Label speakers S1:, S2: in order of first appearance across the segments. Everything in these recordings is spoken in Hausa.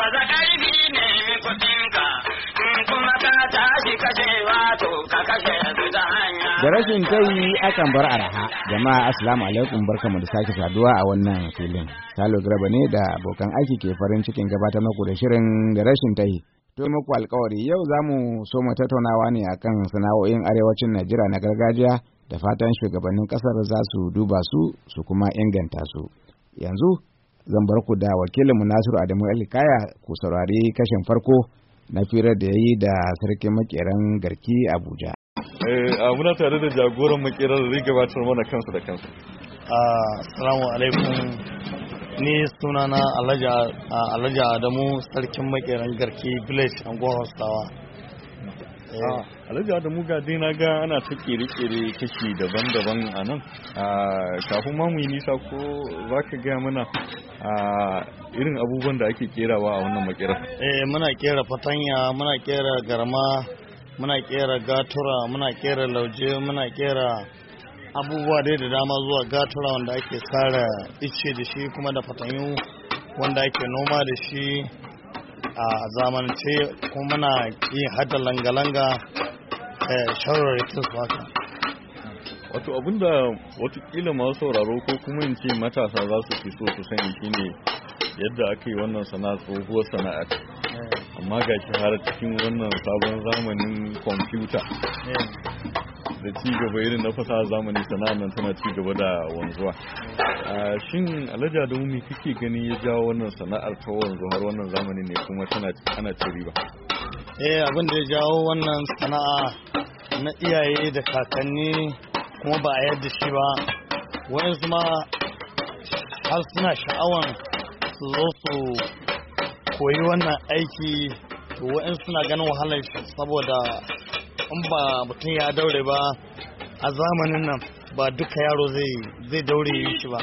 S1: Baza ƙarfi ne kuɗinka, in kuma ka tashi wato ka kashe su ta hanya. Da rashin tayi akan bar araha. Jama'a asalamu alaikum barkamu da sake saduwa a wannan filin. Salo Graba ne da abokan aiki ke farin cikin gabatar muku da shirin da rashin tayi. To muku alkawari yau za mu so mu tattaunawa ne akan sana'o'in arewacin Najeriya na gargajiya da fatan shugabannin kasar za su duba su su kuma inganta su. Yanzu zan bar ku da wakilinmu Nasiru Adamu Alikaya ku saurari kashin farko na firar da ya yi da sarkin makeran garki Abuja.
S2: Eh, a muna tare da jagoran makerar da gabatar mana kansa da kansa.
S3: Assalamu alaikum ni sunana Alhaji Adamu sarkin makeran garki village Angon Hausawa. Eh. alhaji
S2: adamu ga dai na ga ana ta kere-kere kashi daban-daban a nan kafin ma yi nisa ko za ka gaya mana a irin abubuwan da ake kerawa a wannan makera
S3: eh muna kera fatanya muna kera garma muna kera gatura muna kera lauje muna kera abubuwa dai da dama zuwa gatura wanda ake tsara ice da shi kuma da fatanyu wanda ake noma da shi a zamanance kuma muna yin hada langa-langa eh, shawarar rikin su wato abinda watakila masu sauraro
S2: ko kuma in ce matasa za su fi so su sani shine yadda aka yi wannan sana'a tsohuwar sana'a amma ga shi har cikin wannan sabon zamanin kwamfuta da ci gaba irin na fasaha zamani sana'ar nan tana ci gaba da wanzuwa shin alaja adamu me kake gani ya jawo wannan sana'ar ta wanzu har wannan zamani ne kuma tana ana ci riba
S3: eh abin da ya jawo wannan sana'a na iyaye da kakanni kuma ba a yadda shi ba wani ma har suna sha'awan su zo su koyi wannan aiki to wayansu suna ganin wahalar shi saboda in ba mutum ya daure ba a zamanin nan ba duka yaro zai daure yi shi ba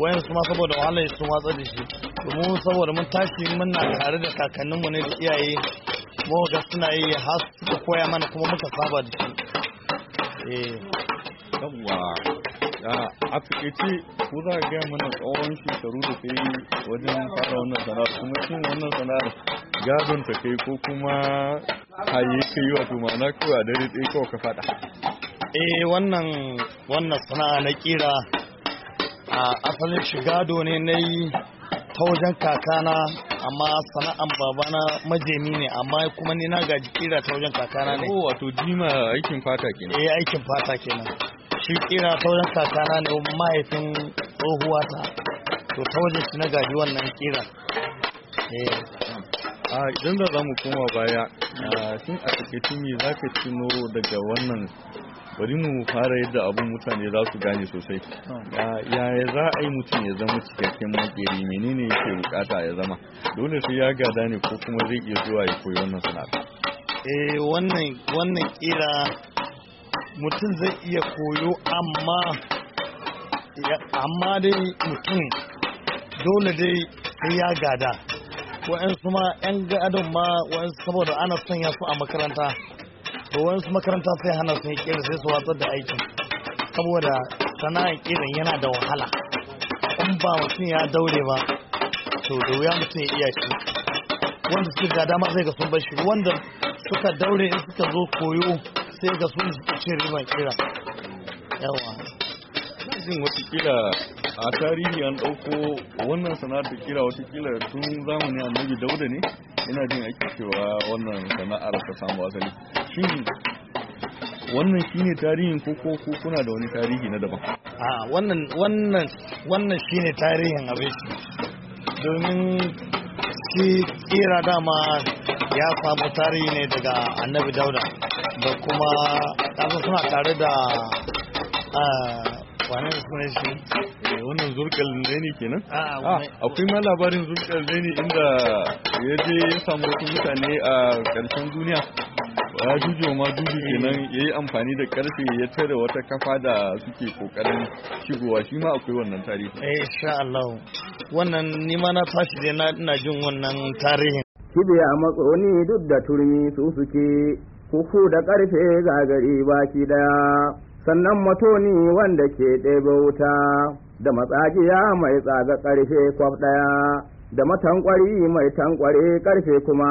S3: wayansu ma saboda wahalar sun watsa da shi domin saboda mun tashi muna tare da kakanninmu ne da iyaye mu suna yi har suka koya mana kuma muka saba da
S2: shi eh. yawwa a ci ko za ka gaya mana tsawon shekaru da kai wajen fara wannan sana'ar kuma shi wannan sana'ar gadon ta kai ko kuma haye yi wato ma'ana kawai a dare ɗaya kawai ka faɗa
S3: eh wannan wannan sana'a na kira a asalin shigado ne na yi ta wajen kakana amma sana'an babana majemi ne amma kuma ni na gaji kira ta wajen kakana ne. wato jima aikin fata kenan. Eh aikin fata kenan. shi kira sauran kakana ne mahaifin tsohuwata to ta waje su na gaji wannan kira eh.
S2: a idan da za mu koma baya tun a takaitun me za ka tuno daga wannan bari mu fara yadda abin mutane za su gane sosai yaya za a yi mutum ya zama cikakken makeri menene yake bukata ya zama dole sai ya gada ne ko kuma zai iya zuwa ya koyi wannan sana'a
S3: eh, wannan wannan kira mutum zai iya koyo amma amma dai mutum dole dai sai ya gada wa'yansu ma 'yan gadon ma wa'yansu saboda ana sanya su a makaranta da wa'yansu makaranta sai hana sun yi sai su watsar da aiki saboda sana'a kirin yana da wahala in ba mutum ya daure ba to da wuya mutum ya iya shi wanda suka gada ma zai ga sun bar shi wanda suka daure in suka zo koyo sai ga sun cin riban kira yawa
S2: ina wata watakila a tarihi an ɗauko wannan sana'ar kira watakila tun zamani annabi dauda ne ina jin ake cewa wannan sana'ar ta samu asali shin wannan shine tarihin ko ko kuna da wani tarihi na daban
S3: a wannan wannan wannan shine tarihin abin domin shi kira dama ya samu tarihi ne daga annabi dauda da kuma kasan suna tare da eh, wani suna shi
S2: eh, wannan zurkal ne kenan ah, ah, akwai ma labarin zurkar ne inda ya je ya samu wasu mutane a ƙarshen duniya ya jujuwa ma dudu kenan ya yi amfani da karfe ya tare wata kafa da suke kokarin shigowa shi ma akwai
S3: wannan tarihi eh sha Allah wannan ni ma na tashi dai na ina jin wannan
S1: tarihin kibiya wani duk da turmi su suke kuku da ƙarfe ga gari baki ɗaya, sannan matoni wanda ke ɗebe wuta, da matsagiya mai tsaga ƙarfe kwaf ɗaya, da matankwari mai tankware ƙarfe kuma,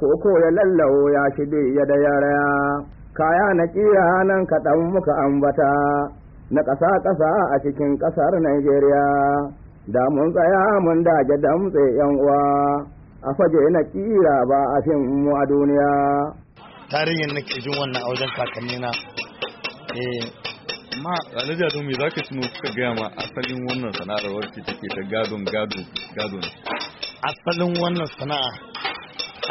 S1: koko ya lallawo ya shige ya da yara, kaya na ƙira nan kaɗan muka ambata, na ƙasa-ƙasa a cikin ƙasar Najeriya, da mun tsaya mun dage damtse 'yan uwa, a faje na ƙira ba a fin mu a duniya.
S3: tarihin nake jin wannan a wajen kakannina
S2: eh ma alhaji ado me zaka tuno kuka gaya ma asalin wannan sana'ar wacce take ta gadon gado
S3: asalin wannan sana'a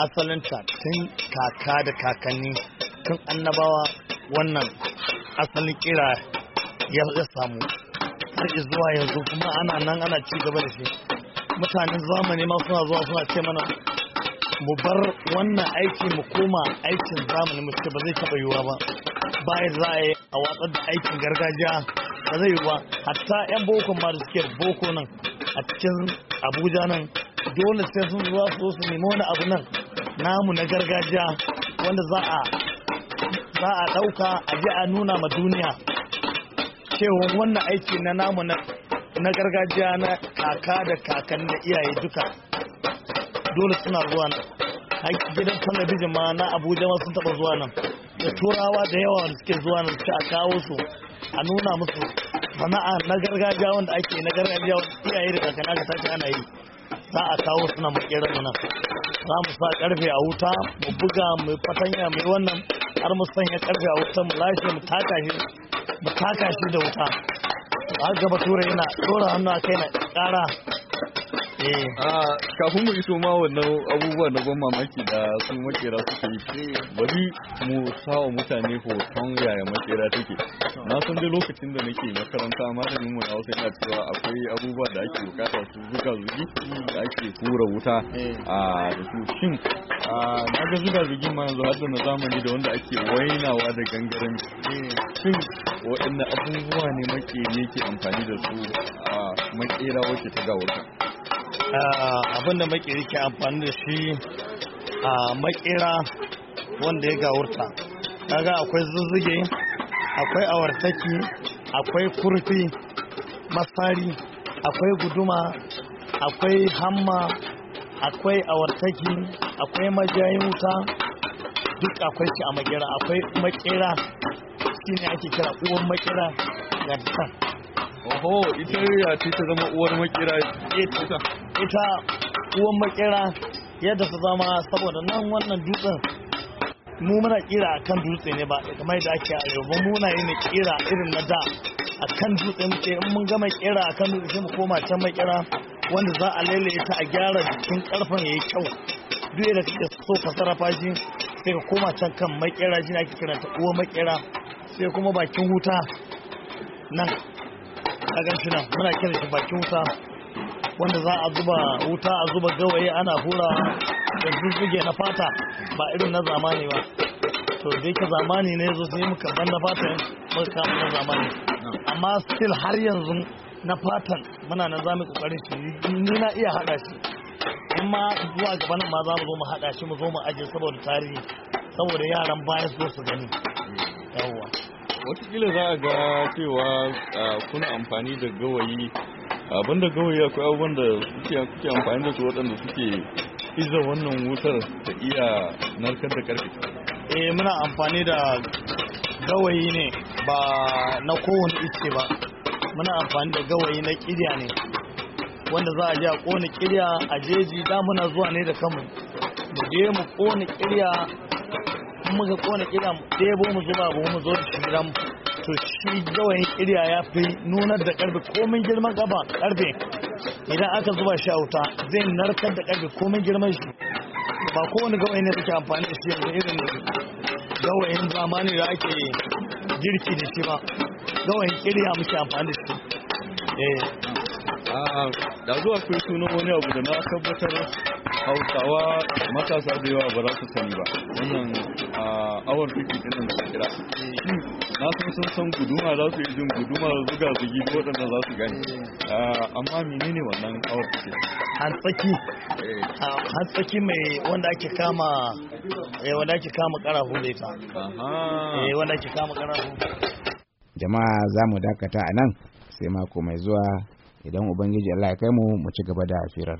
S3: asalin ta tun kaka da kakanni tun annabawa wannan asalin kira ya samu har zuwa yanzu kuma ana nan ana ci gaba da shi mutanen zamani ma suna zuwa suna ce mana mu bar wannan aiki mu koma aikin zamani mu ce ba zai taɓa yiwuwa ba ba za a yi a watsar da aikin gargajiya ba zai yiwuwa hatta 'yan boko ma da suke boko nan a cikin abuja nan dole sai sun zuwa su su nemi wani abu nan namu na gargajiya wanda za a za a ɗauka a ji a nuna ma duniya cewa wannan aiki na namu na gargajiya na kaka da kakan da iyaye duka dole suna zuwa nan a gidan talabijin ma na abuja ma sun taba zuwa nan da turawa da yawa da suke zuwa nan a kawo su a nuna musu sana'a na gargajiya wanda ake na gargajiya wanda iyaye da kakanni aka tashi ana yi za a kawo suna makerar mu nan za mu sa karfe a wuta mu buga mu fatanya mai wannan har mu sanya karfe a wuta mu lashe mu taka shi mu taka shi da wuta har gaba tura yana tura hannu a kai na kara
S2: Eh. Ah, kafin mu iso ma wannan abubuwa na ban mamaki da sun makera suke yi bari mu sawa mutane hoton yaya makera take na san dai lokacin da nake makaranta malamin mu na wasu yana cewa akwai abubuwa da ake bukata su zuga zugi da ake kura wuta eh. a ah, da su shin ah, na ga zuga zugin ma yanzu har na zamani da wanda ake wainawa da gangaren eh. shin waɗanne abubuwa ne ne yake amfani da su a makera wacce ta ga wata
S3: Ah, abin da makeri ke amfani da shi a ah, makera wanda ya gawurta kaga akwai zuzuge, akwai awartaki akwai kurfi masari akwai guduma akwai hamma akwai awartaki akwai majayin wuta duk akwai shi a makera akwai makera ne ake kira maƙera makera
S2: ga oho ita
S3: ya ce ta zama uwar makera eh, ita ita uwan makera yadda ta zama saboda nan wannan dutsen mu muna kira a kan dutse ne ba kamar da ake a yau muna yin kira irin na da a kan dutse muke in mun gama kira akan dutse mu koma can makera wanda za a lailaye ta a gyara jikin karfin yayi kyau duk da kake so ka sarrafa shi sai ka koma can kan makera kira ake kira ta uwa makera sai kuma bakin huta nan a ganshi nan muna kira shi bakin huta wanda za a zuba wuta a zuba gawayi ana hura da zuzuge na fata ba irin na zamani ba to da yake zamani ne yazo sai muka ban na fatan muka kama na zamani amma still har yanzu na fatan muna nan zamu kokarin shi ni na iya hada shi in zuwa gaban ma za mu zo mu hada shi mu zo mu aje saboda tarihi saboda yaran baya su su gani yawwa
S2: watakila za a ga cewa ah, kuna amfani da gawayi abin da gawayi akwai abubuwan da suke amfani da su waɗanda suke iza
S3: wannan wutar ta iya narkar da karfe eh muna amfani da gawayi ne ba na kowane iske ba muna amfani da gawayi na kirya ne wanda za a je a kone kirya a jeji da muna zuwa ne da kanmu mu je mu kone kirya ga kone kirya mu ɗebo mu zuba mu zo da shi gidan mu to shi gawayin irya ya fi nunar da karfe komin girman gaba karfe idan aka zuba shi a wuta zai narkar da karfe komin girman shi ba kowane gawayin ne suke amfani da shi yanzu irin gawayin zamani da ake girki da shi ba gawayin irya muke amfani da shi
S2: eh. ah, da zuwa kun sunan wani abu da na tabbatar hausawa matasa da yawa ba za su sani ba wannan awar fiki ɗin da kira na san san san guduma za su yi jin guduma zuga zugi ko waɗanda za su gani
S3: amma menene wannan awar fiki hantsaki eh. hantsaki mai wanda ake kama eh, wanda ake kama karahu da ita eh, wanda ake kama karahu
S1: jama'a za mu dakata a nan sai mako mai zuwa idan ubangiji Allah ya kai mu mu ci gaba da firar